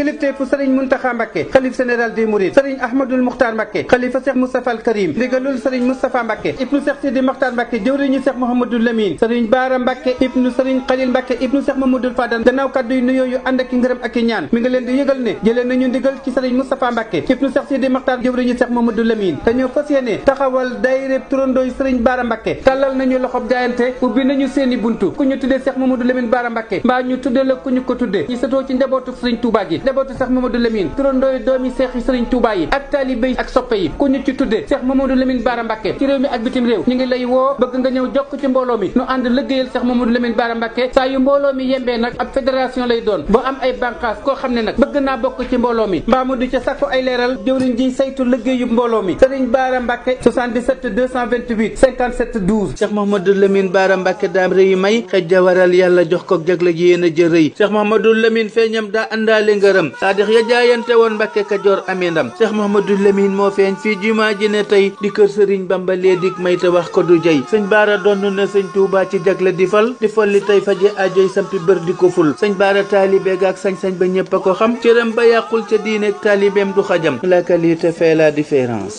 kilifteefu sëriñ Muntaxa Mbàkke xalif général des Mourides sëriñ Ahmadul Muxtaar Mbàkke xalifa Cheikh Moustapha al ndigalul sëriñ Moustapha Mbàkke ibnu Cheikh Sidi Muxtaar Mbàkke Mbàkke ibnu sëriñ Xalil yu ànd ak ngërëm ak ñaan mi ngi leen di yëgal ne jëlee nañu ndigal ci sëriñ Moustapha Mbàkke ibnu Cheikh Sidi Muxtaar jëwriñu Cheikh Mamadul Lamine dañoo fas yéene Mbàkke tàllal nañu loxob jaayante ku ñu tuddee Cheikh Mamadou Lamine Baara Mbàkke mbaa ñu tuddee la ku ñu ko tuddee yi satoo njabootu Cheikh Mamadou Lamine turandooyu doomi Cheikh yi Serigne Touba yi ak taalibe ak soppe yi ku ñu ci tuddee Cheikh Mamadou Lamine Bara Mbacké ci réew mi ak bitim réew ñu ngi lay woo bëgg nga ñëw jokk ci mbooloo mi nu ànd liggéeyal Cheikh Mamadou Lamine Bara Mbacké saa yu mbooloo mi yembee nag ab fédération lay doon boo am ay bànqaas koo xam ne nag bëgg naa bokk ci mbooloo mi mbaa di ca sakku ay leeral jëwriñ ji saytu liggéeyu mbooloo mi Serigne Bara Mbacké 77 228 ngërëm saadix ya jaayante woon Mbàkke a amee ndam Cheikh Mouhamadou Lamine moo feeñ fii jumaa ji ne tey di kër sëriñ Bamba lee dig may te wax ko du jey sëñ Baara donn na sëñ Tuubaa ci jagle di fal di fal li tey faje ajoy sampi bër di ko ful sëñ Baara taalibe gaak sañ-sañ ba ñëpp a ko xam cëram ba yàqul ca diineeg taalibeem du xajam la qualité fait la différence